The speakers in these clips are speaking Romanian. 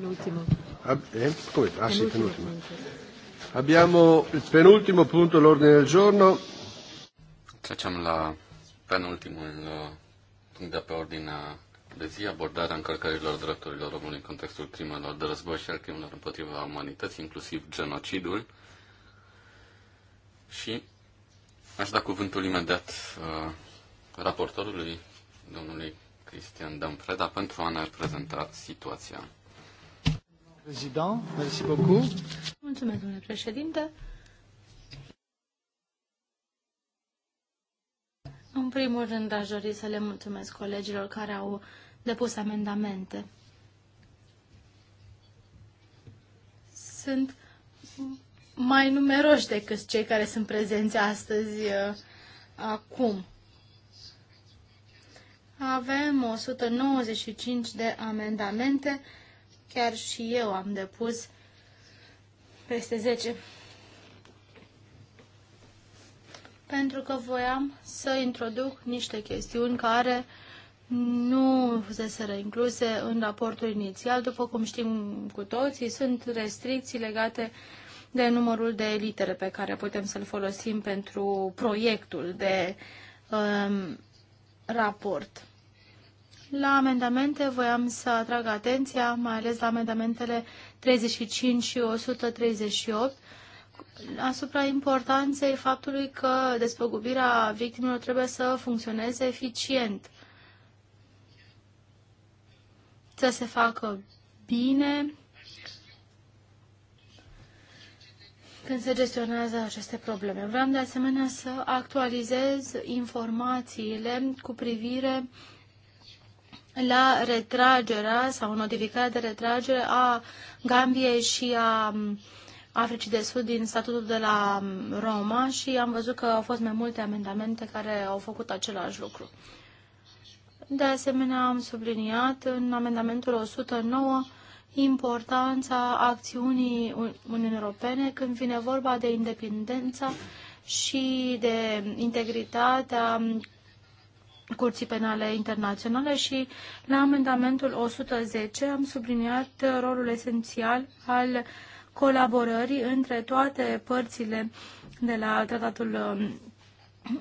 L'ultimo. Ah, eh? Come? Ah sì, penultimo. Abbiamo il penultimo punto all'ordine del giorno. Trecem la penultimul uh, punct de pe ordinea de zi, abordarea încălcărilor drepturilor omului în contextul crimelor de război și al crimelor împotriva umanității, inclusiv genocidul. Și aș da cuvântul imediat uh, raportorului, domnului Cristian Dămpreda, pentru a ne prezenta situația. Mulțumesc, domnule președinte. În primul rând, aș dori să le mulțumesc colegilor care au depus amendamente. Sunt mai numeroși decât cei care sunt prezenți astăzi uh, acum. Avem 195 de amendamente Chiar și eu am depus peste 10. Pentru că voiam să introduc niște chestiuni care nu fuseseră incluse în raportul inițial. După cum știm cu toții, sunt restricții legate de numărul de litere pe care putem să-l folosim pentru proiectul de um, raport. La amendamente voiam să atrag atenția, mai ales la amendamentele 35 și 138, asupra importanței faptului că despăgubirea victimelor trebuie să funcționeze eficient, să se facă bine când se gestionează aceste probleme. Vreau de asemenea să actualizez informațiile cu privire la retragerea sau notificarea de retragere a Gambiei și a um, Africii de Sud din statutul de la um, Roma și am văzut că au fost mai multe amendamente care au făcut același lucru. De asemenea, am subliniat în amendamentul 109 importanța acțiunii Uniunii Europene când vine vorba de independența și de integritatea Curții Penale Internaționale și la amendamentul 110 am subliniat rolul esențial al colaborării între toate părțile de la tratatul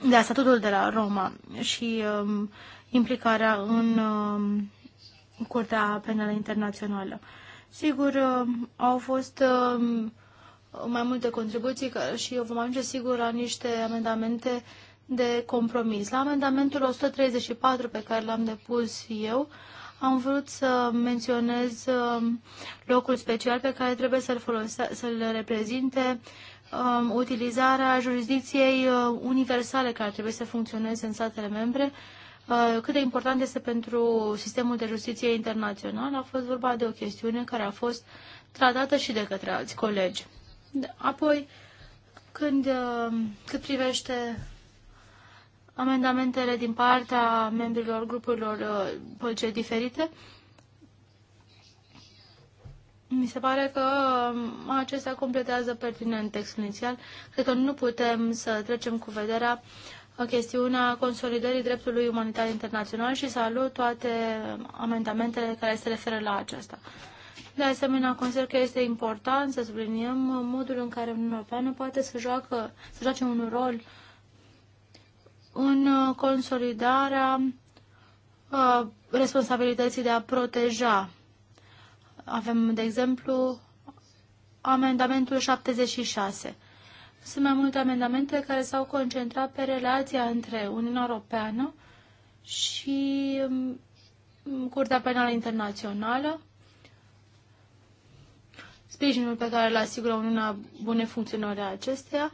de la statutul de la Roma și um, implicarea în um, Curtea Penală Internațională. Sigur, um, au fost um, mai multe contribuții și eu vom ajunge sigur la niște amendamente uh, de compromis. La amendamentul 134 pe care l-am depus eu, am vrut să menționez um, locul special pe care trebuie să-l să-l reprezinte um, utilizarea jurisdicției uh, universale care trebuie să funcționeze în statele membre, uh, cât de important este pentru sistemul de justiție internațional, a fost vorba de o chestiune care a fost tratată și de către alți colegi. Apoi, când, um, cât privește amendamentele din partea membrilor grupurilor uh, politice diferite. Mi se pare că um, acestea completează pertinent textul inițial. Cred că nu putem să trecem cu vederea uh, chestiunea consolidării dreptului umanitar internațional și salut toate amendamentele care se referă la aceasta. De asemenea, consider că este important să subliniem modul în care Uniunea Europeană poate să, joacă, să joace un rol în uh, consolidarea uh, responsabilității de a proteja. Avem, de exemplu, amendamentul 76. Sunt mai multe amendamente care s-au concentrat pe relația între Uniunea Europeană și um, Curtea Penală Internațională, sprijinul pe care îl asigură Uniunea Bune Funcționare a acesteia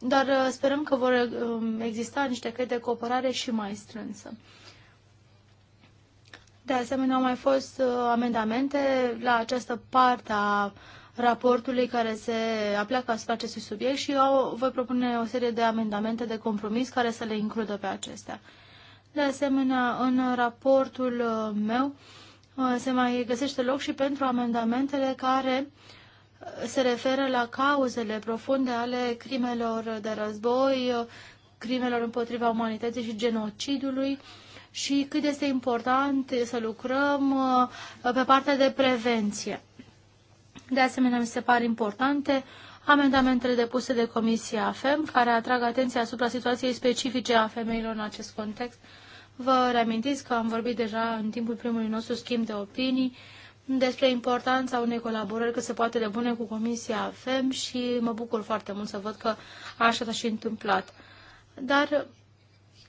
dar uh, sperăm că vor um, exista niște căi de cooperare și mai strânsă. De asemenea, au mai fost uh, amendamente la această parte a raportului care se apleacă asupra acestui subiect și eu voi propune o serie de amendamente de compromis care să le includă pe acestea. De asemenea, în raportul uh, meu se mai găsește loc și pentru amendamentele care uh, se referă la cauzele profunde ale crimelor de război, crimelor împotriva umanității și genocidului și cât este important să lucrăm uh, pe partea de prevenție. De asemenea, mi se par importante amendamentele depuse de Comisia FEM, care atrag atenția asupra situației specifice a femeilor în acest context. Vă reamintiți că am vorbit deja în timpul primului nostru schimb de opinii despre importanța unei colaborări cât se poate de bune cu Comisia FEM și mă bucur foarte mult să văd că așa s-a și întâmplat. Dar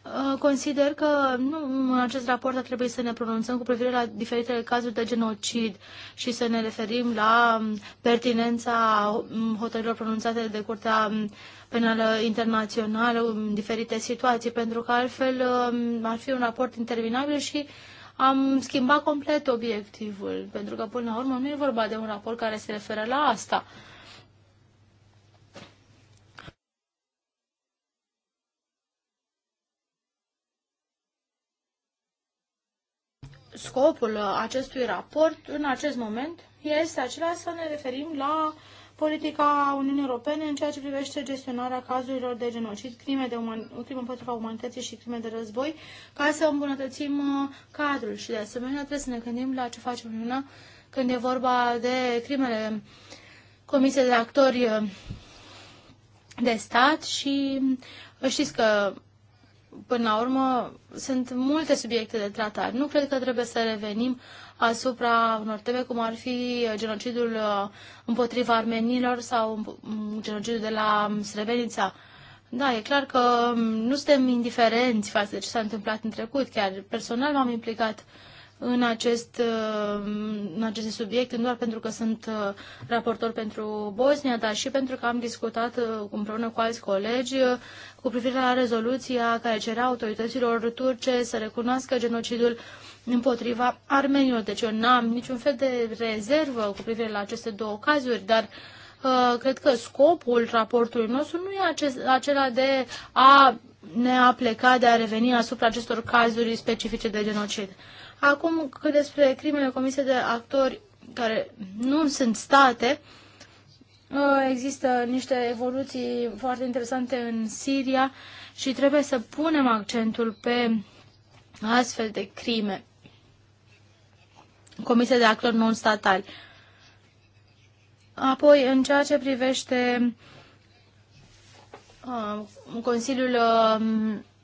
uh, consider că nu, în acest raport ar trebui să ne pronunțăm cu privire la diferitele cazuri de genocid și să ne referim la um, pertinența um, hotărârilor pronunțate de Curtea um, Penală Internațională în diferite situații, pentru că altfel ar fi un raport interminabil și am schimbat complet obiectivul, pentru că până la urmă nu e vorba de un raport care se referă la asta. Scopul acestui raport în acest moment este acela să ne referim la uh, politica Uniunii Europene în ceea ce privește gestionarea cazurilor de genocid, crime, de uman- crime împotriva umanității și crime de război, ca să îmbunătățim uh, cadrul. Și de asemenea trebuie să ne gândim la ce facem Uniunea când e vorba de crimele comise de actori uh, de stat și uh, știți că Până la urmă, sunt multe subiecte de tratat. Nu cred că trebuie să revenim asupra unor teme cum ar fi genocidul uh, împotriva armenilor sau mm, genocidul de la mm, Srebrenica. Da, e clar că mm, nu suntem indiferenți față de ce s-a întâmplat în trecut. Chiar personal m-am implicat uh, în, acest, uh, în acest subiect, nu doar pentru că sunt uh, raportor pentru Bosnia, dar și pentru că am discutat uh, împreună cu alți colegi cu privire la rezoluția care cerea autorităților turce să recunoască genocidul împotriva armenilor. Deci eu n-am niciun fel de rezervă cu privire la aceste două cazuri, dar uh, cred că scopul raportului nostru nu e acest, acela de a ne apleca, de a reveni asupra acestor cazuri specifice de genocid. Acum, cât despre crimele comise de actori care nu sunt state, ă, există niște evoluții foarte interesante în Siria și trebuie să punem accentul pe astfel de crime comise de actori non-statali. Apoi, în ceea ce privește ă, Consiliul ă,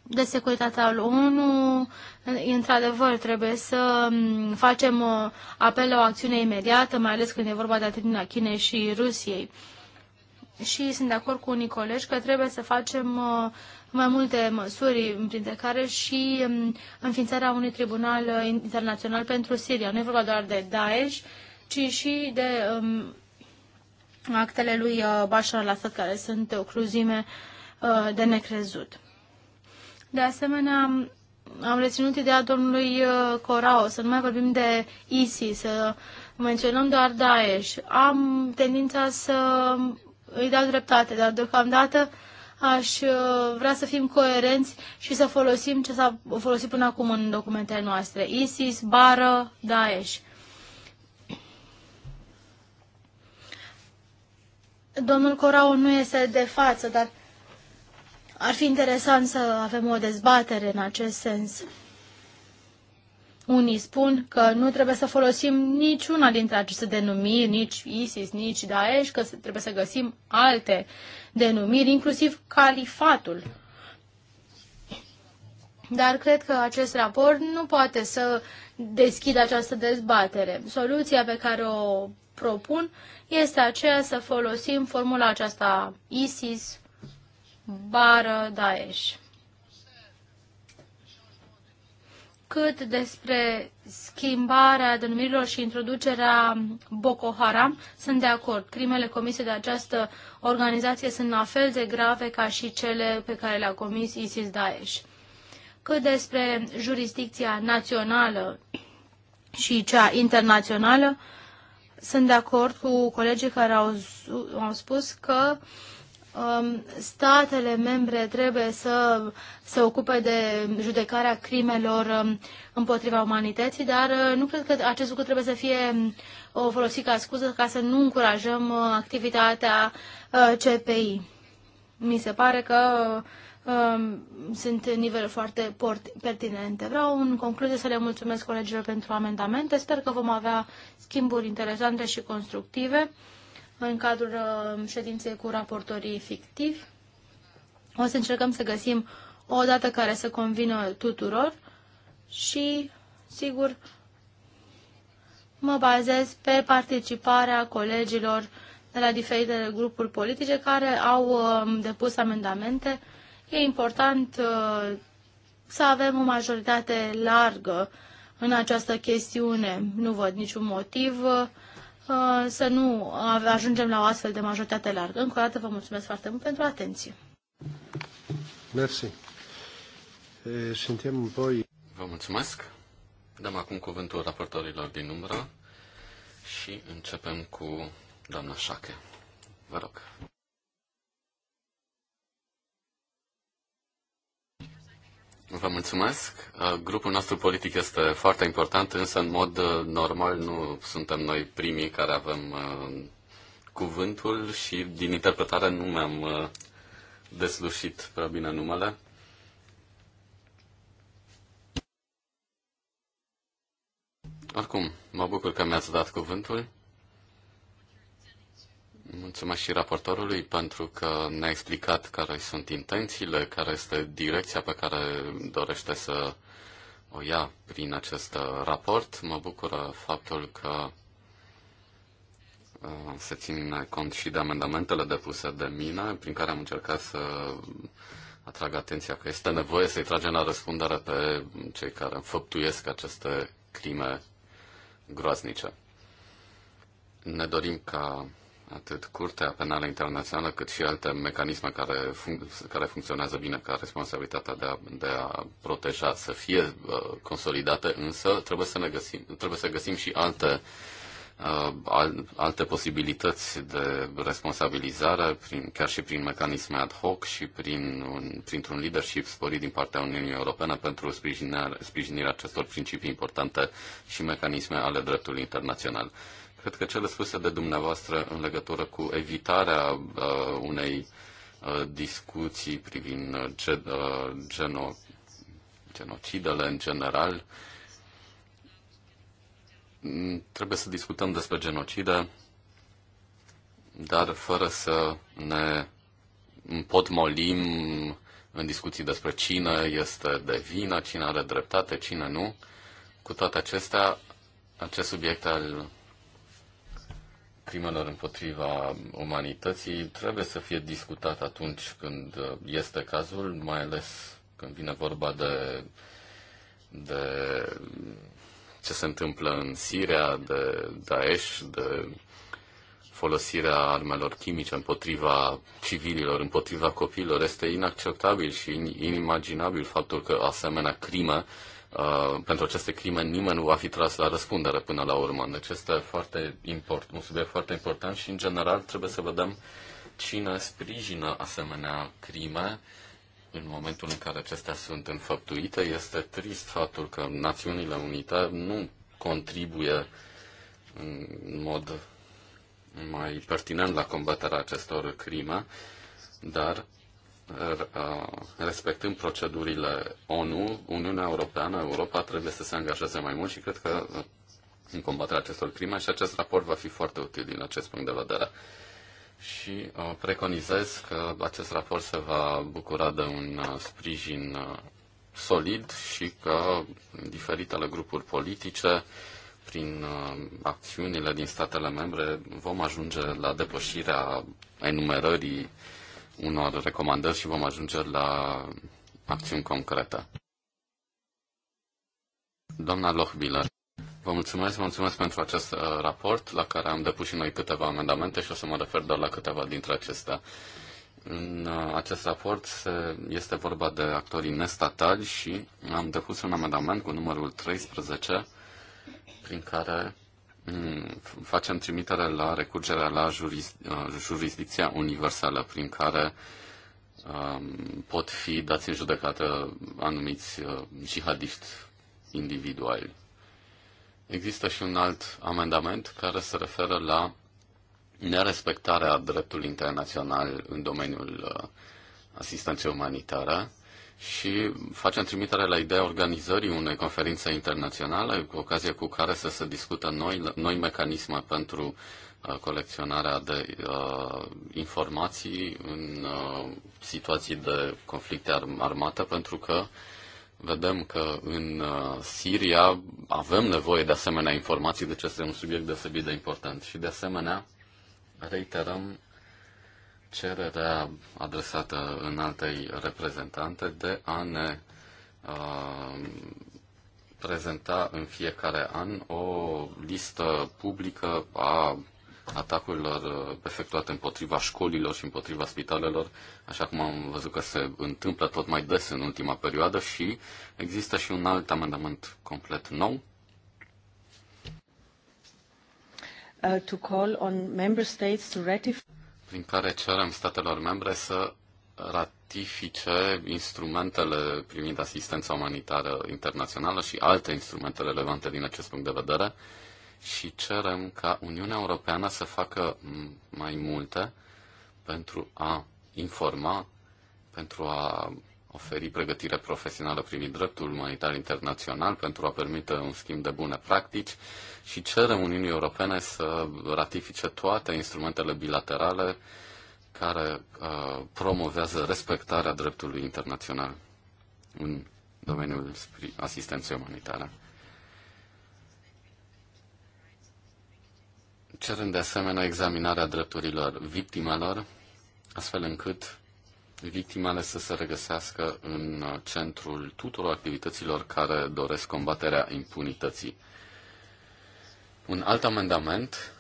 de Securitate al ONU, într-adevăr, trebuie să mm, facem uh, apel la o acțiune imediată, mai ales când e vorba de atitudinea Chinei și Rusiei. Și sunt de acord cu unii colegi că trebuie să facem uh, mai multe măsuri, printre care și mm, înființarea unui tribunal uh, internațional pentru Siria. Nu e vorba doar de Daesh, ci și de um, actele lui Bashar al-Assad, care sunt o cruzime uh, de necrezut. De asemenea, am reținut ideea domnului uh, Corao, să nu mai vorbim de ISIS, să menționăm doar Daesh. Am tendința să îi dau dreptate, dar deocamdată aș uh, vrea să fim coerenți și să folosim ce s-a folosit până acum în documentele noastre. ISIS, bară, Daesh. Domnul Corao nu este de față, dar ar fi interesant să avem o dezbatere în acest sens. Unii spun că nu trebuie să folosim niciuna dintre aceste denumiri, nici ISIS, nici Daesh, că trebuie să găsim alte denumiri, inclusiv califatul. Dar cred că acest raport nu poate să deschidă această dezbatere. Soluția pe care o propun este aceea să folosim formula aceasta ISIS bară Daesh. Cât despre schimbarea denumirilor și introducerea Boko Haram, sunt de acord. Crimele comise de această organizație sunt la fel de grave ca și cele pe care le-a comis ISIS-Daesh. Cât despre jurisdicția națională și cea internațională, sunt de acord cu colegii care au, au spus că Um, statele membre trebuie să se ocupe de judecarea crimelor um, împotriva umanității, dar uh, nu cred că acest lucru trebuie să fie um, folosit ca scuză ca să nu încurajăm uh, activitatea uh, CPI. Mi se pare că sunt niveluri foarte pertinente. Vreau în concluzie să le mulțumesc colegilor pentru amendamente. Sper că vom avea schimburi interesante și constructive în cadrul uh, ședinței cu raportorii fictivi. O să încercăm să găsim o dată care să convină tuturor și, sigur, mă bazez pe participarea colegilor de la diferite grupuri politice care au um, depus amendamente. E important uh, să avem o majoritate largă în această chestiune. Nu văd niciun motiv uh, Uh, să nu ajungem la o astfel de majoritate largă. Încă o dată vă mulțumesc foarte mult pentru atenție. Mersi. Suntem voi. Vă mulțumesc. Dăm acum cuvântul raportorilor din umbră și începem cu doamna Șache. Vă rog. Vă mulțumesc. Uh, grupul nostru politic este foarte important, însă în mod uh, normal nu suntem noi primii care avem uh, cuvântul și din interpretare nu mi-am deslușit prea bine numele. Oricum, mă bucur că mi-ați dat cuvântul. Mulțumesc și raportorului pentru că ne-a explicat care sunt intențiile, care este direcția pe care dorește să o ia prin acest raport. Mă bucură faptul că uh, se ține cont și de amendamentele depuse de mine, prin care am încercat să atrag atenția că este nevoie să-i tragem la răspundere pe cei care înfăptuiesc aceste crime groaznice. Ne dorim ca atât Curtea Penală Internațională, cât și alte mecanisme care, func- care funcționează bine ca responsabilitatea de a, de a proteja să fie uh, consolidate, însă trebuie să, ne găsim, trebuie să găsim și alte, uh, al, alte posibilități de responsabilizare, prin, chiar și prin mecanisme ad hoc și prin un, printr-un leadership sporit din partea Uniunii Europene pentru sprijinirea, sprijinirea acestor principii importante și mecanisme ale dreptului internațional. Cred că cele spuse de dumneavoastră în legătură cu evitarea uh, unei uh, discuții privind uh, ge- uh, geno, genocidele în general, mm, trebuie să discutăm despre genocide, dar fără să ne împotmolim în discuții despre cine este de vină, cine are dreptate, cine nu. Cu toate acestea, acest subiect al crimelor împotriva umanității trebuie să fie discutat atunci când uh, este cazul, mai ales când vine vorba de, de ce se întâmplă în Siria, de Daesh, de folosirea armelor chimice împotriva civililor, împotriva copiilor. Este inacceptabil și inimaginabil faptul că asemenea crimă uh, Uh, pentru aceste crime nimeni nu va fi tras la răspundere până la urmă. Deci este foarte import, un subiect foarte important și, în general, trebuie să vedem cine sprijină asemenea crime în momentul în care acestea sunt înfăptuite. Este trist faptul că Națiunile Unite nu contribuie în mod mai pertinent la combaterea acestor crime, dar respectăm procedurile ONU, Uniunea Europeană, Europa trebuie să se angajeze mai mult și cred că în combaterea acestor crime și acest raport va fi foarte util din acest punct de vedere. Și preconizez că acest raport se va bucura de un sprijin solid și că diferitele grupuri politice, prin acțiunile din statele membre, vom ajunge la depășirea enumerării uh, unor recomandări și vom ajunge la acțiuni concrete. Doamna Lochbiller, vă mulțumesc, vă mulțumesc pentru acest uh, raport la care am depus și noi câteva amendamente și o să mă refer doar la câteva dintre acestea. În uh, acest raport se, este vorba de actorii nestatali și am depus un amendament cu numărul 13 prin care Mm, facem trimitere la recurgerea la juris, uh, jurisdicția universală prin care um, pot fi dați în judecată anumiți uh, jihadiști individuali. Există și un alt amendament care se referă la nerespectarea dreptului internațional în domeniul uh, asistenței umanitare și facem trimitere la ideea organizării unei conferințe internaționale, cu ocazie cu care să se discută noi, noi mecanisme pentru uh, colecționarea de uh, informații în uh, situații de conflicte armate, pentru că vedem că în uh, Siria avem nevoie de asemenea informații, deci este un subiect deosebit de important. Și de asemenea reiterăm cererea adresată în altei reprezentante de a ne uh, prezenta în fiecare an o listă publică a atacurilor uh, efectuate împotriva școlilor și împotriva spitalelor, așa cum am văzut că se întâmplă tot mai des în ultima perioadă și există și un alt amendament complet nou. Uh, to call on member states to ratify prin care cerem statelor membre să ratifice instrumentele privind asistența umanitară internațională și alte instrumente relevante din acest punct de vedere și cerem ca Uniunea Europeană să facă mai multe pentru a informa, pentru a oferi pregătire profesională privind dreptul umanitar internațional pentru a permite un schimb de bune practici și cerem Uniunii Europene să ratifice toate instrumentele bilaterale care uh, promovează respectarea dreptului internațional în domeniul asistenței umanitare. Cerem de asemenea examinarea drepturilor victimelor, astfel încât victimele să se regăsească în centrul tuturor activităților care doresc combaterea impunității. Un alt amendament,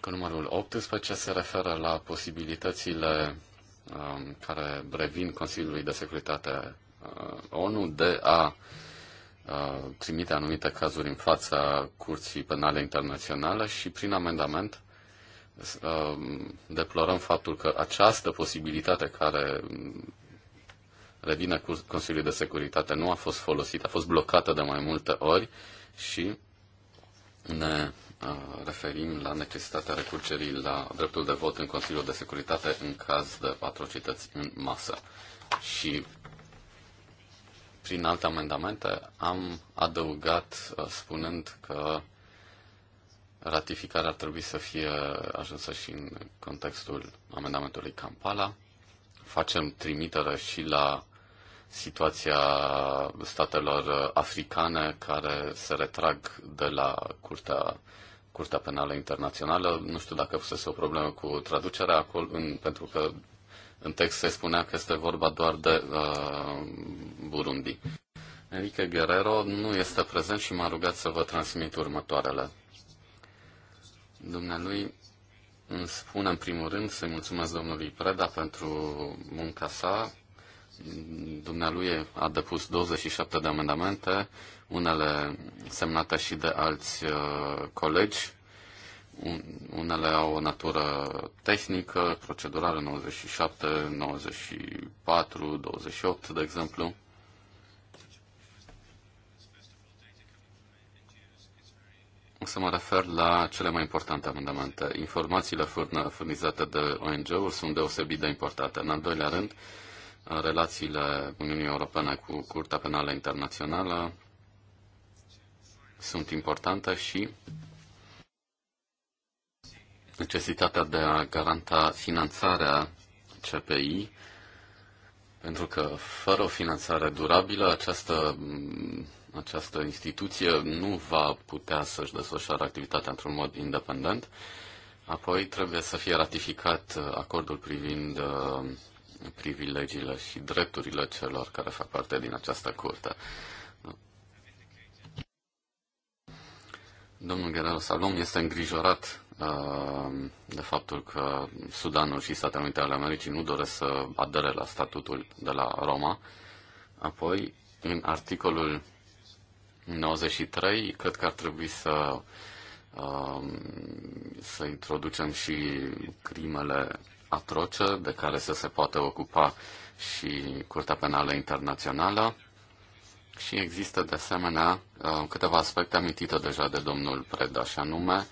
cu numărul 18, se referă la posibilitățile um, care revin Consiliului de Securitate uh, ONU de a uh, trimite anumite cazuri în fața Curții Penale Internaționale și prin amendament Um, deplorăm faptul că această posibilitate care revine Consiliul de Securitate nu a fost folosită, a fost blocată de mai multe ori și ne uh, referim la necesitatea recurgerii la dreptul de vot în Consiliul de Securitate în caz de atrocități în masă. Și prin alte amendamente am adăugat uh, spunând că Ratificarea ar trebui să fie ajunsă și în contextul amendamentului Kampala. Facem trimitere și la situația statelor africane care se retrag de la Curtea, Curtea Penală Internațională. Nu știu dacă fusese o problemă cu traducerea acolo, în, pentru că în text se spunea că este vorba doar de uh, Burundi. Enrique Guerrero nu este prezent și m-a rugat să vă transmit următoarele. Dumnealui îmi spun în primul rând să-i mulțumesc domnului Preda pentru munca sa. Dumnealui a depus 27 de amendamente, unele semnate și de alți uh, colegi, unele au o natură tehnică, procedurală 97, 94, 28, de exemplu. să mă refer la cele mai importante amendamente. Informațiile furnizate de ONG-uri sunt deosebit de importante. În al doilea rând, relațiile Uniunii Europene cu Curtea Penală Internațională sunt importante și necesitatea de a garanta finanțarea CPI, pentru că fără o finanțare durabilă, această această instituție nu va putea să-și desfășoare activitatea într-un mod independent. Apoi trebuie să fie ratificat uh, acordul privind uh, privilegiile și drepturile celor care fac parte din această curte. Domnul Guerrero Salom este îngrijorat uh, de faptul că Sudanul și Statele Unite ale Americii nu doresc să adere la statutul de la Roma. Apoi, în articolul 93, cred că ar trebui să, um, să introducem și crimele atroce de care să se poată ocupa și Curtea Penală Internațională. Și există de asemenea uh, câteva aspecte amintite deja de domnul Preda, și anume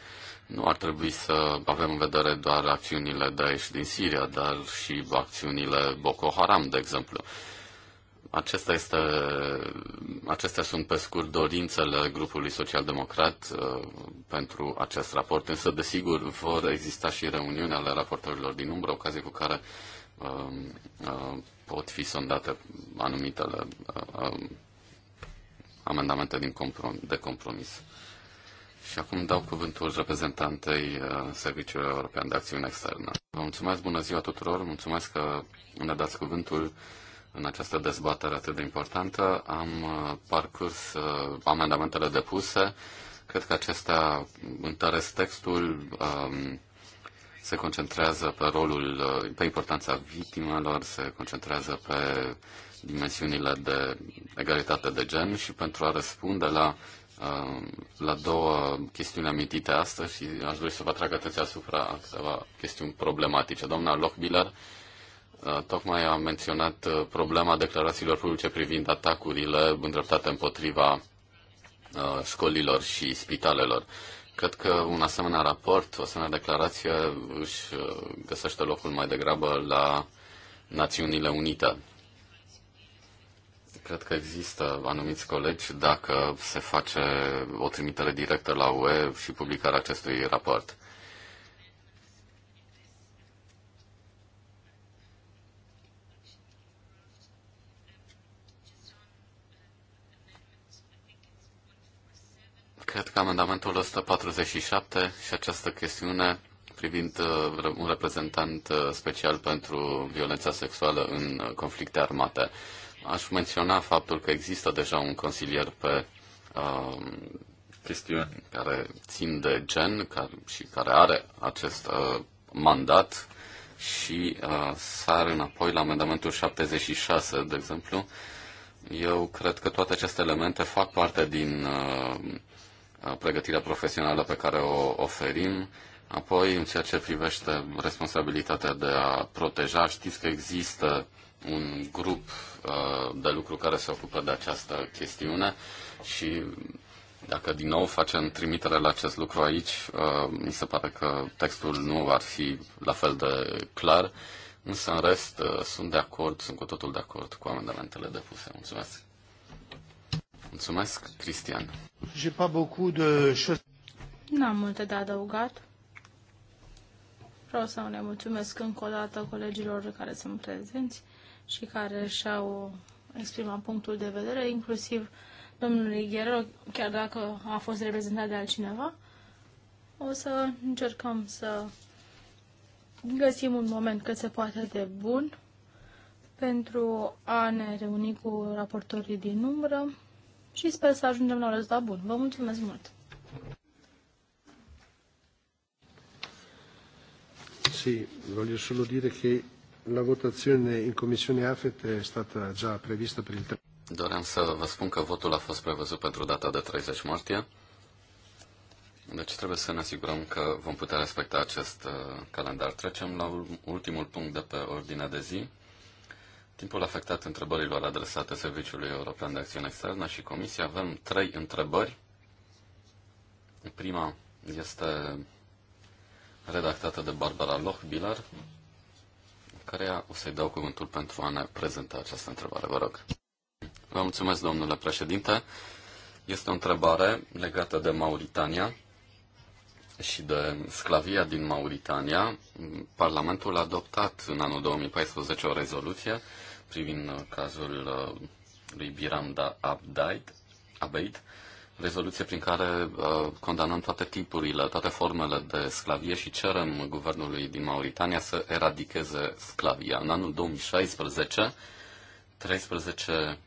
nu ar trebui să avem în vedere doar acțiunile Daesh din Siria, dar și acțiunile Boko Haram, de exemplu. Acesta este, acestea sunt pe scurt dorințele grupului social-democrat uh, pentru acest raport, însă desigur vor exista și reuniuni ale raportorilor din umbră, ocazie cu care um, uh, pot fi sondate anumitele uh, um, amendamente din comprom- de compromis. Și acum dau cuvântul reprezentantei Serviciului European de Acțiune Externă. Vă mulțumesc, bună ziua tuturor, mulțumesc că ne dați cuvântul în această dezbatere atât de importantă. Am uh, parcurs uh, amendamentele depuse. Cred că acestea întăresc textul, um, se concentrează pe rolul, uh, pe importanța victimelor, se concentrează pe dimensiunile de egalitate de gen și pentru a răspunde la la două chestiuni amintite astăzi și aș dori să vă atrag atenția asupra câteva chestiuni problematice. Doamna Lochbiller Uh, tocmai am menționat uh, problema declarațiilor publice privind atacurile îndreptate împotriva uh, școlilor și spitalelor. Cred că un asemenea raport, o asemenea declarație își găsește locul mai degrabă la Națiunile Unite. Cred că există anumiți colegi dacă se face o trimitere directă la UE și publicarea acestui raport. Cred că amendamentul 147 și această chestiune privind uh, un reprezentant uh, special pentru violența sexuală în conflicte armate. Aș menționa faptul că există deja un consilier pe uh, chestiuni care țin de gen care, și care are acest uh, mandat și uh, sar înapoi la amendamentul 76, de exemplu. Eu cred că toate aceste elemente fac parte din uh, pregătirea profesională pe care o oferim. Apoi, în ceea ce privește responsabilitatea de a proteja, știți că există un grup de lucru care se ocupă de această chestiune și dacă din nou facem trimitere la acest lucru aici, mi se pare că textul nu ar fi la fel de clar, însă în rest sunt de acord, sunt cu totul de acord cu amendamentele depuse. Mulțumesc! Mulțumesc, Cristian. Nu N-am multe de adăugat. Vreau să ne mulțumesc încă o dată colegilor care sunt prezenți și care și-au exprimat punctul de vedere, inclusiv domnului Guerrero, chiar dacă a fost reprezentat de altcineva. O să încercăm să găsim un moment cât se poate de bun pentru a ne reuni cu raportorii din umbră și sper să ajungem la un rezultat bun. Vă mulțumesc mult! Sì, voglio solo dire che la votazione in Commissione AFET è stata già prevista per il 3. Doream să vă spun că votul a fost prevăzut pentru data de 30 martie. Deci trebuie să ne asigurăm că vom putea respecta acest uh, calendar. Trecem la ultimul punct de pe ordinea de zi, timpul afectat întrebărilor adresate Serviciului European de Acțiune Externă și Comisia avem trei întrebări. Prima este redactată de Barbara Lochbiller, care o să-i dau cuvântul pentru a ne prezenta această întrebare. Vă rog. Vă mulțumesc, domnule președinte. Este o întrebare legată de Mauritania și de sclavia din Mauritania. Parlamentul a adoptat în anul 2014 o rezoluție privind uh, cazul uh, lui Biramda Abdait, Abeit, rezoluție prin care uh, condamnăm toate tipurile, toate formele de sclavie și cerem guvernului din Mauritania să eradicheze sclavia. În anul 2016, 13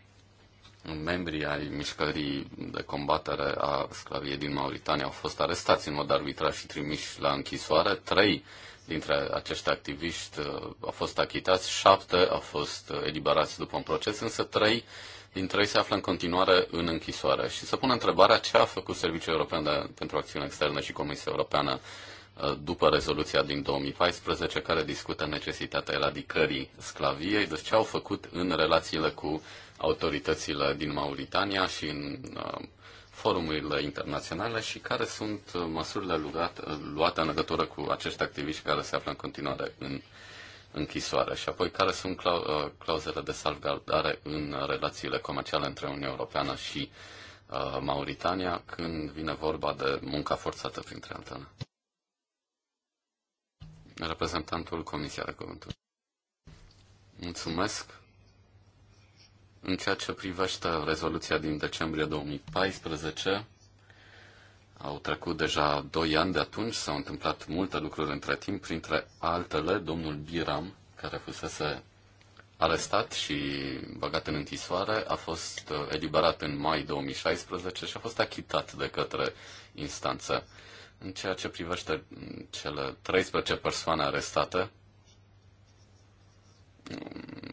membrii ai mișcării de combatere a sclaviei din Mauritania au fost arestați în mod arbitrar și trimiși la închisoare. Trei dintre acești activiști uh, au fost achitați, șapte au fost uh, eliberați după un proces, însă trei din trei se află în continuare în închisoare. Și să pun întrebarea ce a făcut Serviciul European de, pentru Acțiune Externă și Comisia Europeană uh, după rezoluția din 2014 care discută necesitatea eradicării sclaviei, deci ce au făcut în relațiile cu autoritățile din Mauritania și în forumurile internaționale și care sunt uh, măsurile uh, luate, în legătură cu acești activiști care se află în continuare în închisoare și apoi care sunt uh, clauzele de salvgardare în relațiile comerciale între Uniunea Europeană și Mauritania când vine vorba de munca forțată, printre altele. Reprezentantul Comisiei de cuvântul. Mulțumesc. În ceea ce privește rezoluția din decembrie 2014, au trecut deja doi ani de atunci, s-au întâmplat multe lucruri între timp, printre altele domnul Biram, care fusese arestat și băgat în întisoare, a fost uh, eliberat în mai 2016 și a fost achitat de către instanță. În ceea ce privește mm, cele 13 persoane arestate,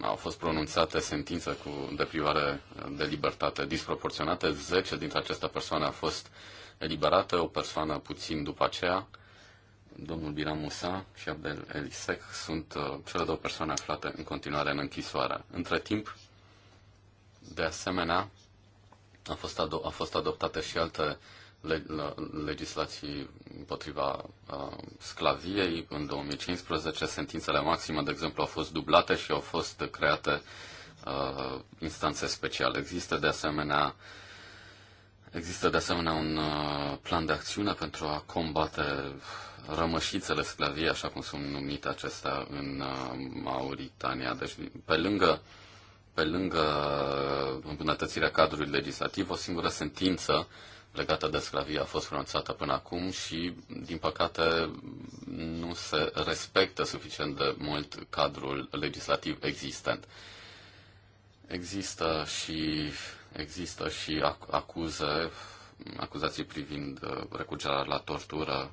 au fost pronunțate sentințe cu deprivare de libertate disproporționate. 10 dintre aceste persoane au fost eliberate, o persoană puțin după aceea. Domnul Biram Musa și Abdel Elisec sunt uh, cele două persoane aflate în continuare în închisoare. Între timp, de asemenea, a fost, ado- a fost adoptată și alte legislații împotriva sclaviei. În 2015 sentințele maxime, de exemplu, au fost dublate și au fost create instanțe speciale. Există de asemenea Există de asemenea un plan de acțiune pentru a combate rămășițele sclaviei, așa cum sunt numite acestea în Mauritania. Deci, pe lângă, pe lângă îmbunătățirea cadrului legislativ, o singură sentință uh, legată de sclavie a fost pronunțată până acum și, din păcate, nu se respectă suficient de mult cadrul legislativ existent. Există și, există și acuze, acuzații privind uh, recurgerea la tortură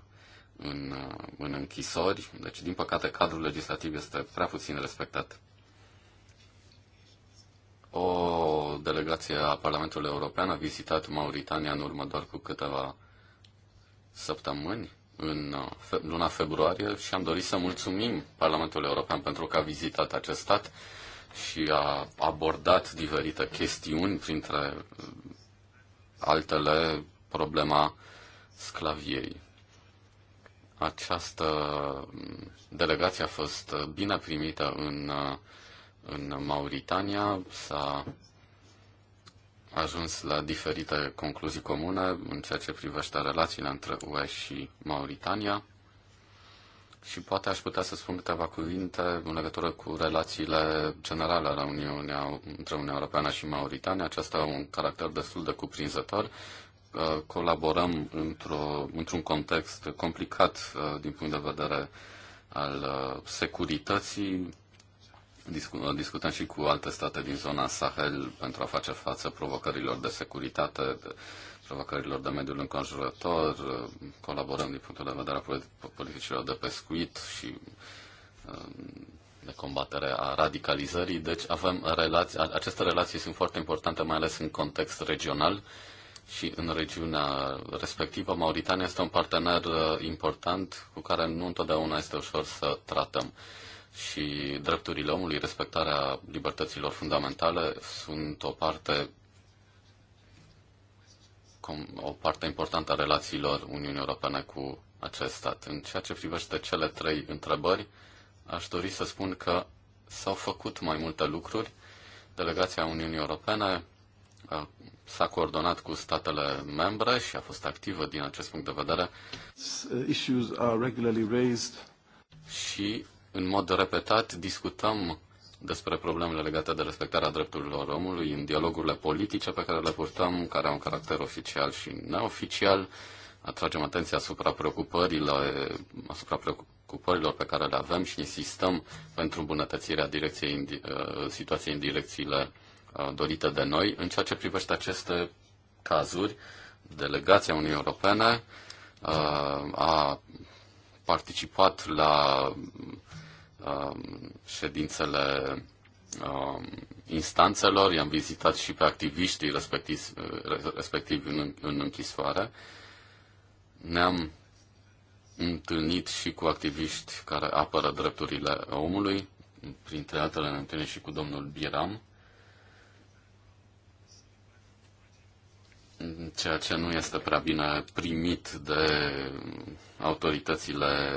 în, uh, în închisori, deci, din păcate, cadrul legislativ este prea puțin respectat o delegație a Parlamentului European a vizitat Mauritania în urmă doar cu câteva săptămâni, în luna februarie, și am dorit să mulțumim Parlamentului European pentru că a vizitat acest stat și a abordat diferite chestiuni, printre altele problema sclaviei. Această delegație a fost bine primită în în Mauritania, s-a ajuns la diferite concluzii comune în ceea ce privește relațiile între UE și Mauritania. Și poate aș putea să spun câteva cuvinte în legătură cu relațiile generale ale Uniunea, între Uniunea Europeană și Mauritania. Acesta are un caracter destul de cuprinzător. Uh, colaborăm într-o, într-un context complicat uh, din punct de vedere al uh, securității, discutăm și cu alte state din zona Sahel pentru a face față provocărilor de securitate, provocărilor de mediul înconjurător, colaborăm din punctul de vedere a politicilor de pescuit și um, de combatere a radicalizării. Deci avem relații, aceste relații sunt foarte importante, mai ales în context regional și în regiunea respectivă. Mauritania este un partener uh, important cu care nu întotdeauna este ușor să tratăm și drepturile omului, respectarea libertăților fundamentale sunt o parte o parte importantă a relațiilor Uniunii Europene cu acest stat. În ceea ce privește cele trei întrebări, aș dori să spun că s-au făcut mai multe lucruri. Delegația Uniunii Europene uh, s-a coordonat cu statele membre și a fost activă din acest punct de vedere. Și în mod repetat discutăm despre problemele legate de respectarea drepturilor omului în dialogurile politice pe care le purtăm, care au un caracter oficial și neoficial. Atragem atenția asupra preocupărilor, asupra preocupărilor pe care le avem și insistăm pentru îmbunătățirea direcției, uh, situației în direcțiile uh, dorite de noi. În ceea ce privește aceste cazuri, delegația Uniunii Europene uh, a participat la Um, ședințele um, instanțelor, i-am vizitat și pe activiștii respectiv, respectiv în, în închisoare. Ne-am întâlnit și cu activiști care apără drepturile omului, printre altele ne am întâlnit și cu domnul Biram, ceea ce nu este prea bine primit de autoritățile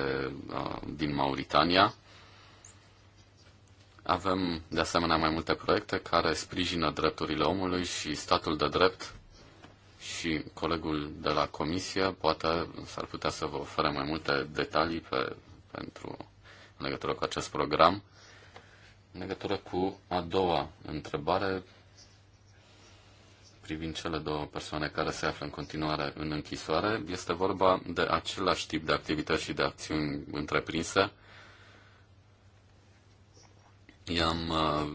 uh, din Mauritania. Avem, de asemenea, mai multe proiecte care sprijină drepturile omului și statul de drept și colegul de la comisie poate s-ar putea să vă ofere mai multe detalii pe, pentru, în legătură cu acest program. În legătură cu a doua întrebare privind cele două persoane care se află în continuare în închisoare, este vorba de același tip de activități și de acțiuni întreprinse I-am uh,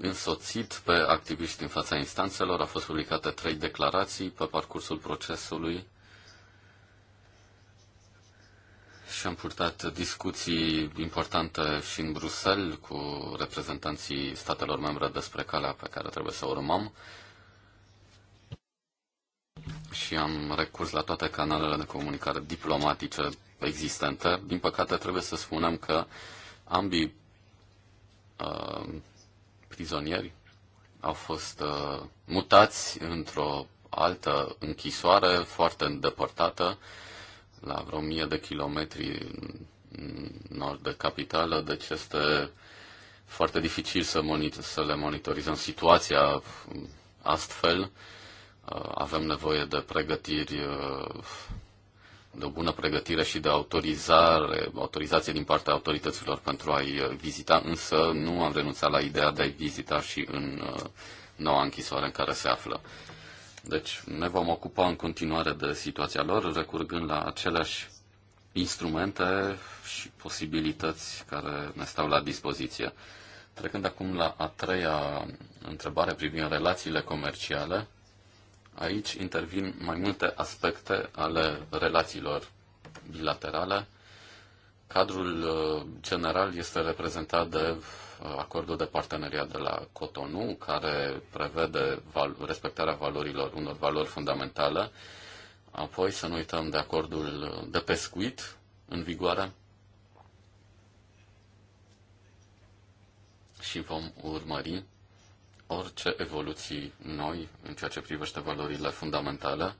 însoțit pe activiști din fața instanțelor, a fost publicate trei declarații pe parcursul procesului și am purtat discuții importante și în Bruxelles cu reprezentanții statelor membre despre calea pe care trebuie să o urmăm și am recurs la toate canalele de comunicare diplomatice existente. Din păcate, trebuie să spunem că ambii Uh, prizonieri au fost uh, mutați într-o altă închisoare foarte îndepărtată, la vreo mie de kilometri nord de capitală, deci este foarte dificil să, monitor, să le monitorizăm situația astfel. Uh, avem nevoie de pregătiri uh, de o bună pregătire și de autorizare, autorizație din partea autorităților pentru a-i uh, vizita, însă nu am renunțat la ideea de a-i vizita și în uh, noua închisoare în care se află. Deci ne vom ocupa în continuare de situația lor, recurgând la aceleași instrumente și posibilități care ne stau la dispoziție. Trecând acum la a treia întrebare privind relațiile comerciale, Aici intervin mai multe aspecte ale relațiilor bilaterale. Cadrul uh, general este reprezentat de uh, acordul de parteneriat de la Cotonou, care prevede respectarea valorilor, unor valori fundamentale. Apoi să nu uităm de acordul de pescuit în vigoare. Și vom urmări orice evoluții noi în ceea ce privește valorile fundamentale.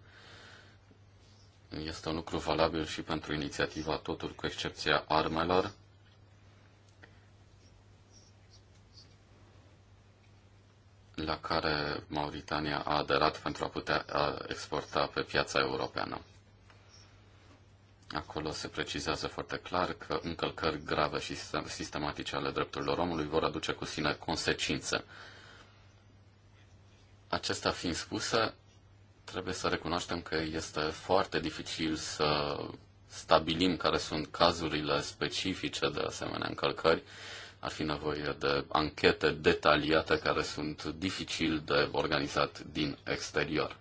Este un lucru valabil și pentru inițiativa Totul cu excepția armelor. la care Mauritania a aderat pentru a putea exporta pe piața europeană. Acolo se precizează foarte clar că încălcări grave și sistematice ale drepturilor omului vor aduce cu sine consecințe Acestea fiind spuse, trebuie să recunoaștem că este foarte dificil să stabilim care sunt cazurile specifice de asemenea încălcări. Ar fi nevoie de anchete detaliate care sunt dificil de organizat din exterior.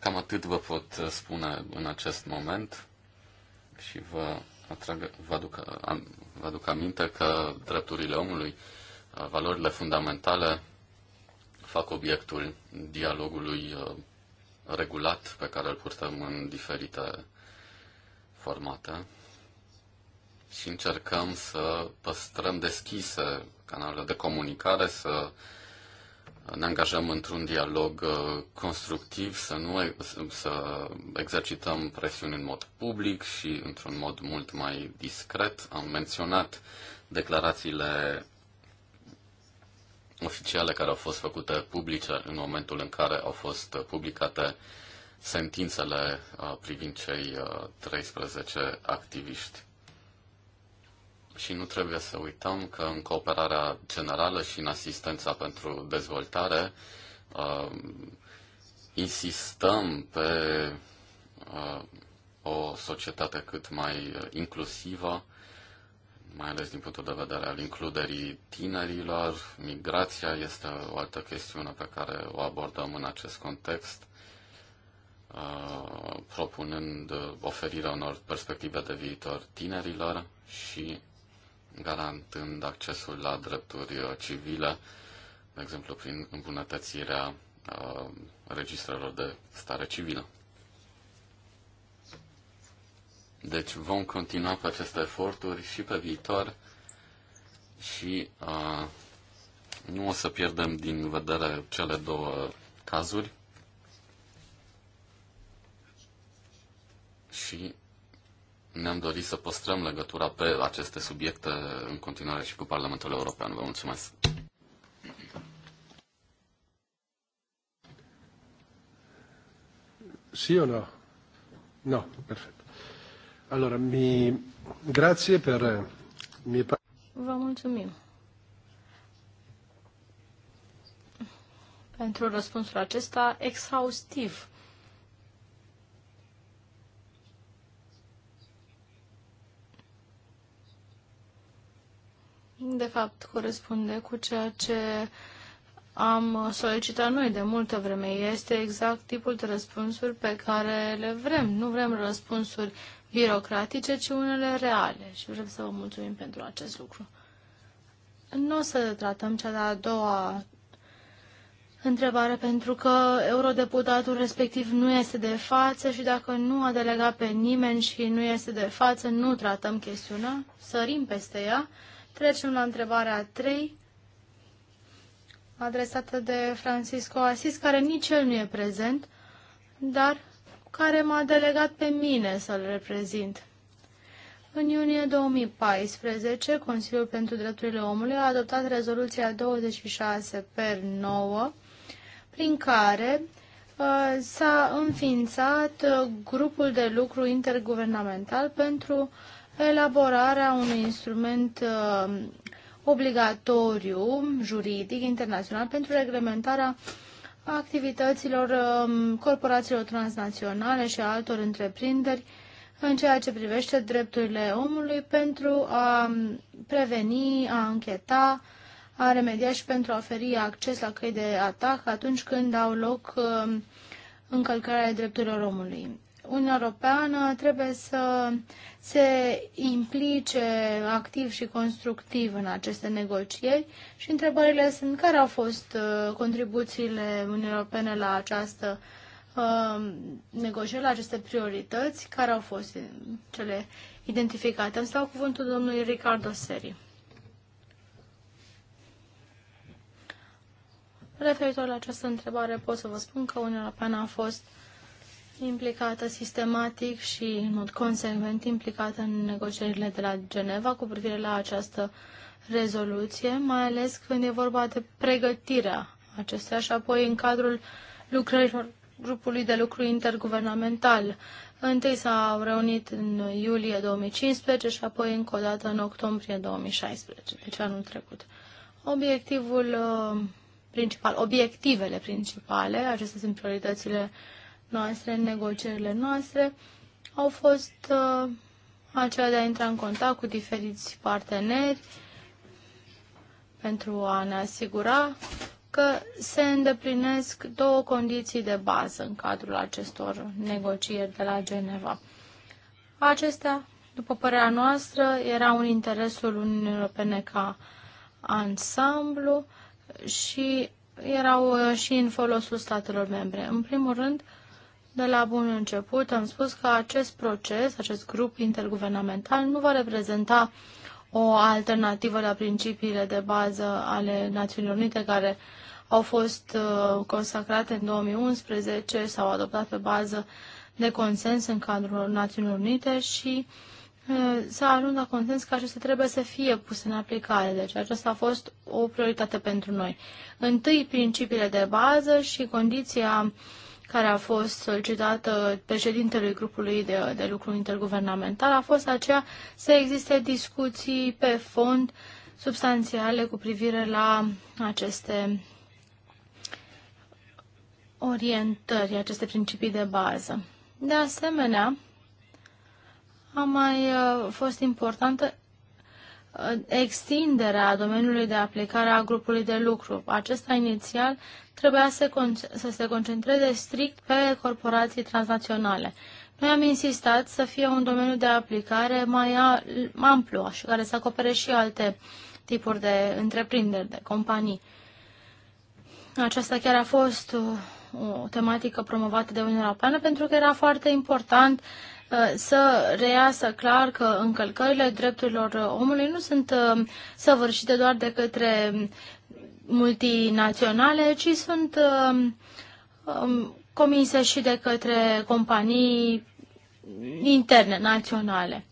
Cam atât vă pot spune în acest moment și vă, atrag, vă, aduc, vă aduc aminte că drepturile omului, valorile fundamentale fac obiectul dialogului uh, regulat pe care îl purtăm în diferite formate și încercăm să păstrăm deschise canalele de comunicare, să ne angajăm într-un dialog uh, constructiv, să nu să exercităm presiuni în mod public și într-un mod mult mai discret. Am menționat declarațiile oficiale care au fost făcute publice în momentul în care au fost publicate sentințele uh, privind cei 13 uh, activiști. Și nu trebuie să uităm că în cooperarea generală și în asistența pentru dezvoltare uh, insistăm pe o societate cât mai inclusivă mai ales din punctul de vedere al includerii tinerilor. Migrația este o altă chestiune pe care o abordăm în acest context, uh, propunând oferirea unor perspective de viitor tinerilor și garantând accesul la drepturi civile, de exemplu prin îmbunătățirea uh, registrelor de stare civilă. Deci vom continua cu aceste eforturi și pe viitor și uh, nu o să pierdem din vedere cele două cazuri și ne-am dorit să păstrăm legătura pe aceste subiecte în continuare și cu Parlamentul European. Vă mulțumesc! Sì o no? No, perfect. Allora, mi... Grazie per... Mi... Vă mulțumim. Pentru răspunsul acesta exhaustiv. de fapt corespunde cu ceea ce am solicitat noi de multă vreme. Este exact tipul de răspunsuri pe care le vrem. Nu vrem răspunsuri birocratice, ci unele reale și vrem să vă mulțumim pentru acest lucru. Nu o să tratăm cea de-a doua întrebare pentru că eurodeputatul respectiv nu este de față și dacă nu a delegat pe nimeni și nu este de față, nu tratăm chestiunea, sărim peste ea. Trecem la întrebarea 3, adresată de Francisco Asis, care nici el nu e prezent, dar care m-a delegat pe mine să-l reprezint. În iunie 2014, Consiliul pentru Drepturile Omului a adoptat rezoluția 26 per 9, prin care uh, s-a înființat uh, grupul de lucru interguvernamental pentru elaborarea unui instrument uh, obligatoriu juridic internațional pentru reglementarea uh, activităților um, corporațiilor transnaționale și a altor întreprinderi în ceea ce privește drepturile omului pentru a um, preveni, a încheta, a remedia și pentru a oferi acces la căi de atac atunci când au loc um, încălcarea drepturilor omului. Uniunea Europeană trebuie să se implice activ și constructiv în aceste negocieri și întrebările sunt care au fost uh, contribuțiile Uniunii Europene la această uh, negociere, negocieri, la aceste priorități, care au fost uh, cele identificate. Îmi stau cuvântul domnului Ricardo Seri. Referitor la această întrebare, pot să vă spun că Uniunea Europeană a fost uh, implicată sistematic și în mod consecvent implicată în negocierile de la Geneva cu privire la această rezoluție, mai ales când e vorba de pregătirea acesteia și apoi în cadrul lucrărilor grupului de lucru interguvernamental. Întâi s-au reunit în iulie 2015 și apoi încă o dată în octombrie 2016, deci anul trecut. Obiectivul uh, principal, obiectivele principale, acestea sunt prioritățile uh, noastre, în negocierile noastre, au fost uh, aceea de a intra în contact cu diferiți parteneri pentru a ne asigura că se îndeplinesc două condiții de bază în cadrul acestor negocieri de la Geneva. Acestea, după părerea noastră, erau în interesul Uniunii Europene ca ansamblu și erau uh, și în folosul statelor membre. În primul rând, de la bun început am spus că acest proces, acest grup interguvernamental nu va reprezenta o alternativă la principiile de bază ale Națiunilor Unite care au fost uh, consacrate în 2011 sau adoptat pe bază de consens în cadrul Națiunilor Unite și uh, s-a ajuns la consens că acestea trebuie să fie puse în aplicare. Deci aceasta a fost o prioritate pentru noi. Întâi principiile de bază și condiția uh, care a fost solicitată președintelui grupului de, de lucru interguvernamental a fost aceea să existe discuții pe fond substanțiale cu privire la aceste orientări, aceste principii de bază. De asemenea, a mai uh, fost importantă Uh, extinderea domeniului de aplicare a grupului de lucru. Acesta inițial trebuia să, să se concentreze strict pe corporații transnaționale. Noi am insistat să fie un domeniu de aplicare mai amplu și care să acopere și alte tipuri de întreprinderi, de companii. Aceasta chiar a fost uh, o tematică promovată de Uniunea Europeană pentru că era foarte important Uh, să reiasă clar că încălcările drepturilor omului nu sunt uh, săvârșite doar de către multinaționale, ci sunt uh, um, comise și de către companii interne, naționale.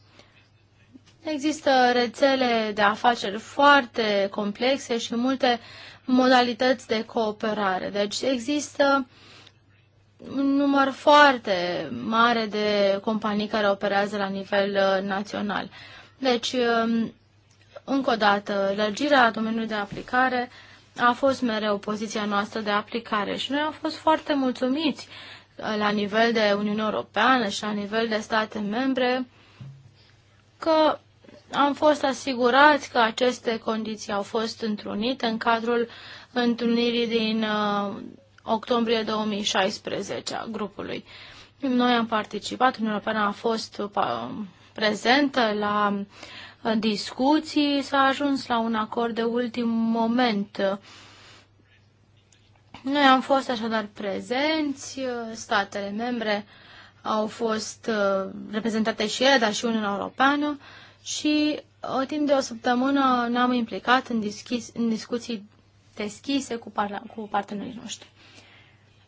Există rețele de afaceri foarte complexe și multe modalități de cooperare. Deci există uh, un număr foarte mare de companii care operează la nivel uh, național. Deci, um, încă o dată, lărgirea domeniului de aplicare a fost mereu poziția noastră de aplicare și noi am fost foarte mulțumiți uh, la nivel de Uniune Europeană și la nivel de state membre că am fost asigurați că aceste condiții au fost întrunite în cadrul întrunirii din uh, octombrie 2016 a grupului. Noi am participat, Uniunea Europeană a fost prezentă la uh, discuții, s-a ajuns la un acord de ultim moment. Noi am fost așadar prezenți, uh, statele membre au fost uh, reprezentate și ele, dar și Uniunea Europeană și o timp de o săptămână ne-am implicat în, dischis, în discuții deschise cu, cu partenerii noștri.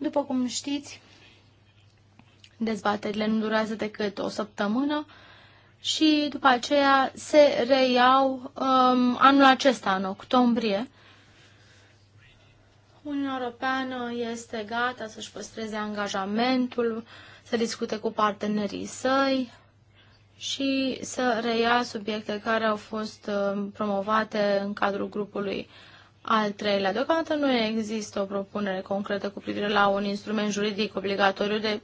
După cum știți, dezbaterile nu durează decât o săptămână și după aceea se reiau um, anul acesta, în octombrie. Uniunea Europeană este gata să-și păstreze angajamentul, să discute cu partenerii săi și să reia subiecte care au fost um, promovate în cadrul grupului al treilea, deocamdată nu există o propunere concretă cu privire la un instrument juridic obligatoriu de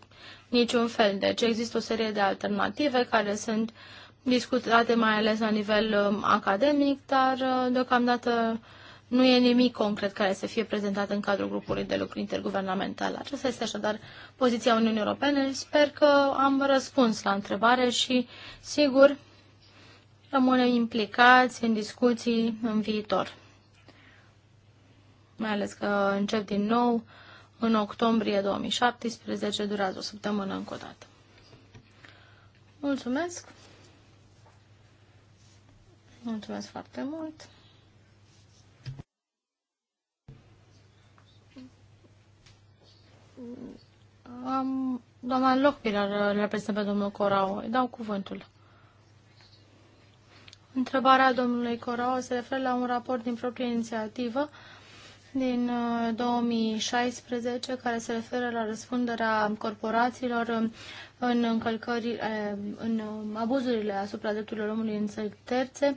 niciun fel. Deci există o serie de alternative care sunt discutate mai ales la nivel um, academic, dar uh, deocamdată nu e nimic concret care să fie prezentat în cadrul grupului de lucru interguvernamental. Aceasta este așadar poziția Uniunii Europene. Sper că am răspuns la întrebare și, sigur, rămânem implicați în discuții în viitor mai ales că încep din nou în octombrie 2017, durează o săptămână încă o dată. Mulțumesc! Mulțumesc foarte mult! Am, doamna Lochpilar reprezintă pe domnul Corau. Îi dau cuvântul. Întrebarea domnului Corau se referă la un raport din proprie inițiativă din 2016 uh, care se referă la răspunderea corporațiilor um, în încălcări, uh, în um, abuzurile asupra drepturilor omului în țări terțe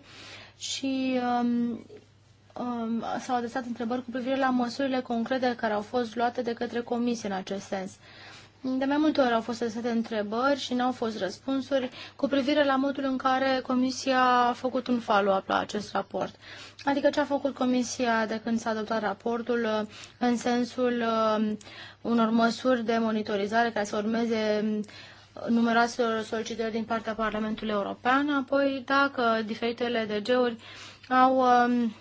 și um, um, s-au adresat întrebări cu privire la măsurile concrete care au fost luate de către Comisie în acest sens. De mai multe ori au fost adresate întrebări și n-au fost răspunsuri cu privire la modul în care Comisia a făcut un follow-up la acest raport. Adică ce a făcut Comisia de când s-a adoptat raportul uh, în sensul uh, unor măsuri de monitorizare care să urmeze uh, numeroaselor solicitări din partea Parlamentului European, apoi dacă diferitele DG-uri au um,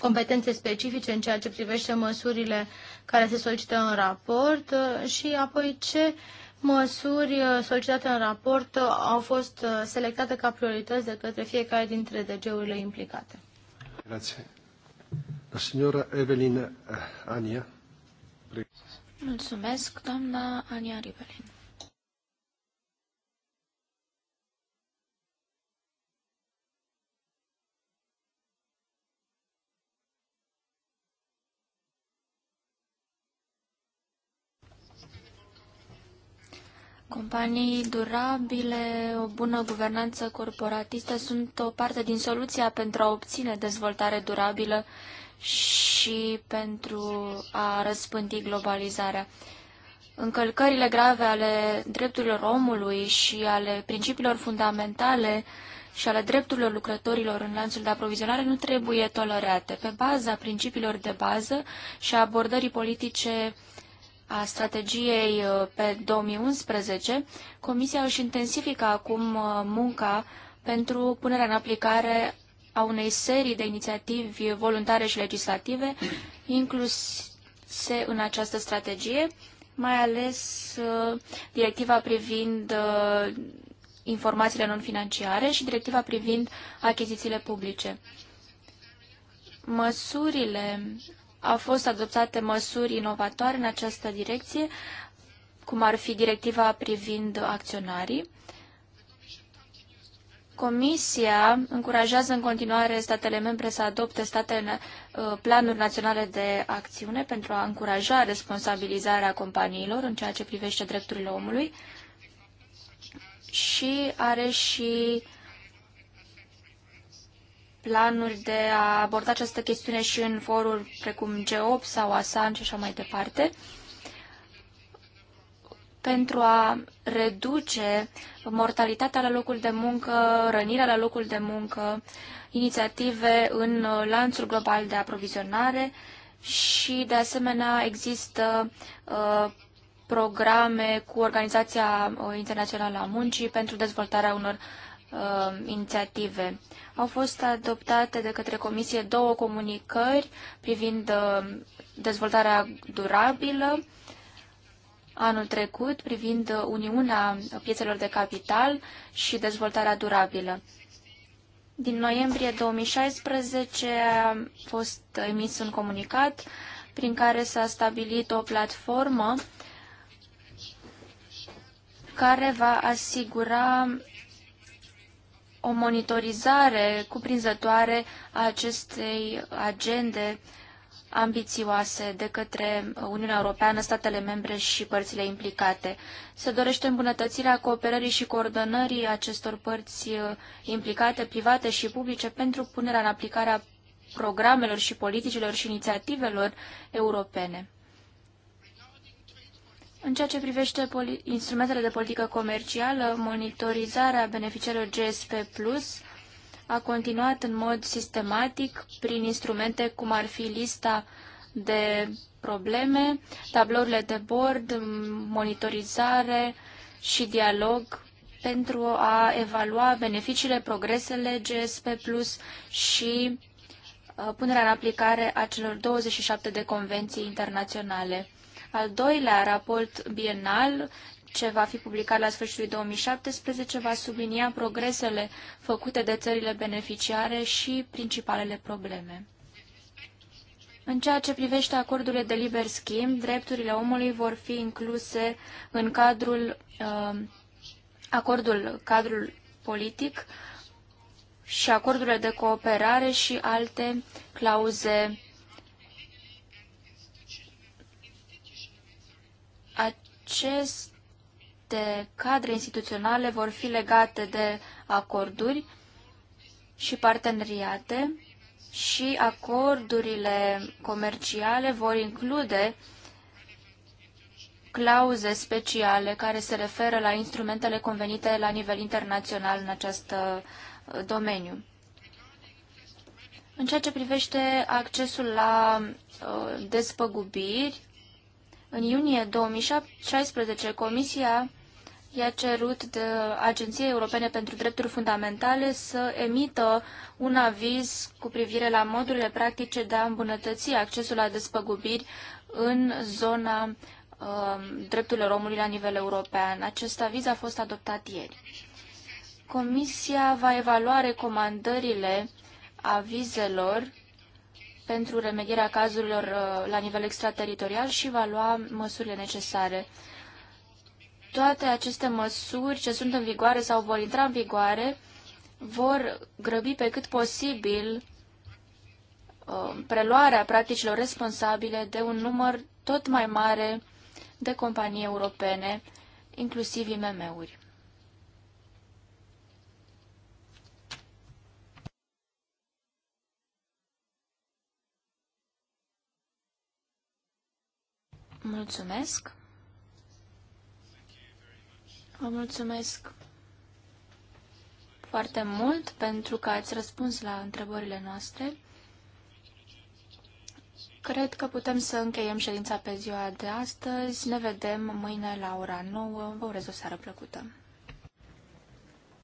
competențe specifice în ceea ce privește măsurile care se solicită în raport uh, și apoi ce măsuri uh, solicitate în raport uh, au fost selectate ca priorități de către fiecare dintre DG-urile implicate. Grazie. La signora eh, Ania. Mulțumesc, doamna Ania Rivelin. Companii durabile, o bună guvernanță corporatistă sunt o parte din soluția pentru a obține dezvoltare durabilă și pentru a răspândi globalizarea. Încălcările grave ale drepturilor omului și ale principiilor fundamentale și ale drepturilor lucrătorilor în lanțul de aprovizionare nu trebuie tolerate. Pe baza principiilor de bază și a abordării politice a strategiei uh, pe 2011, Comisia își intensifică acum uh, munca pentru punerea în aplicare a unei serii de inițiativi voluntare și legislative, incluse în această strategie, mai ales uh, directiva privind informațiile non-financiare și directiva privind achizițiile publice. Măsurile au fost adoptate măsuri inovatoare în această direcție, cum ar fi directiva privind acționarii. Comisia încurajează în continuare statele membre să adopte statele, uh, planuri naționale de acțiune pentru a încuraja responsabilizarea companiilor în ceea ce privește drepturile omului și are și uh, planuri de a aborda această chestiune și în foruri precum G8 sau ASAN și așa mai departe, pentru a reduce mortalitatea la locul de muncă, rănirea la locul de muncă, inițiative în lanțul global de aprovizionare și, de asemenea, există uh, programe cu Organizația uh, Internațională a Muncii pentru dezvoltarea unor uh, inițiative. Au fost adoptate de către Comisie două comunicări privind uh, dezvoltarea durabilă anul trecut, privind uh, Uniunea Piețelor de Capital și dezvoltarea durabilă. Din noiembrie 2016 a fost emis un comunicat prin care s-a stabilit o platformă care va asigura o monitorizare cuprinzătoare a acestei agende ambițioase de către Uniunea Europeană, statele membre și părțile implicate. Se dorește îmbunătățirea cooperării și coordonării acestor părți uh, implicate, private și publice, pentru punerea în aplicare a programelor și politicilor și inițiativelor europene. În ceea ce privește instrumentele de politică comercială, monitorizarea beneficiarilor GSP Plus a continuat în mod sistematic prin instrumente cum ar fi lista de probleme, tablourile de bord, monitorizare și dialog pentru a evalua beneficiile, progresele GSP Plus și uh, punerea în aplicare a celor 27 de convenții internaționale. Al doilea raport bienal, ce va fi publicat la sfârșitul 2017, va sublinia progresele făcute de țările beneficiare și principalele probleme. În ceea ce privește acordurile de liber schimb, drepturile omului vor fi incluse în cadrul uh, acordul cadrul politic și acordurile de cooperare și alte clauze aceste cadre instituționale vor fi legate de acorduri și parteneriate și acordurile comerciale vor include clauze speciale care se referă la instrumentele convenite la nivel internațional în acest uh, domeniu. În ceea ce privește accesul la uh, despăgubiri, în iunie 2016, Comisia i-a cerut de Agenției Europene pentru Drepturi Fundamentale să emită un aviz cu privire la modurile practice de a îmbunătăți accesul la despăgubiri în zona uh, drepturilor omului la nivel european. Acest aviz a fost adoptat ieri. Comisia va evalua recomandările avizelor pentru remedierea cazurilor uh, la nivel extrateritorial și va lua măsurile necesare. Toate aceste măsuri ce sunt în vigoare sau vor intra în vigoare vor grăbi pe cât posibil uh, preluarea practicilor responsabile de un număr tot mai mare de companii europene, inclusiv IMM-uri. Mulțumesc. Vă mulțumesc foarte mult pentru că ați răspuns la întrebările noastre. Cred că putem să încheiem ședința pe ziua de astăzi. Ne vedem mâine la ora 9. Vă urez o seară plăcută.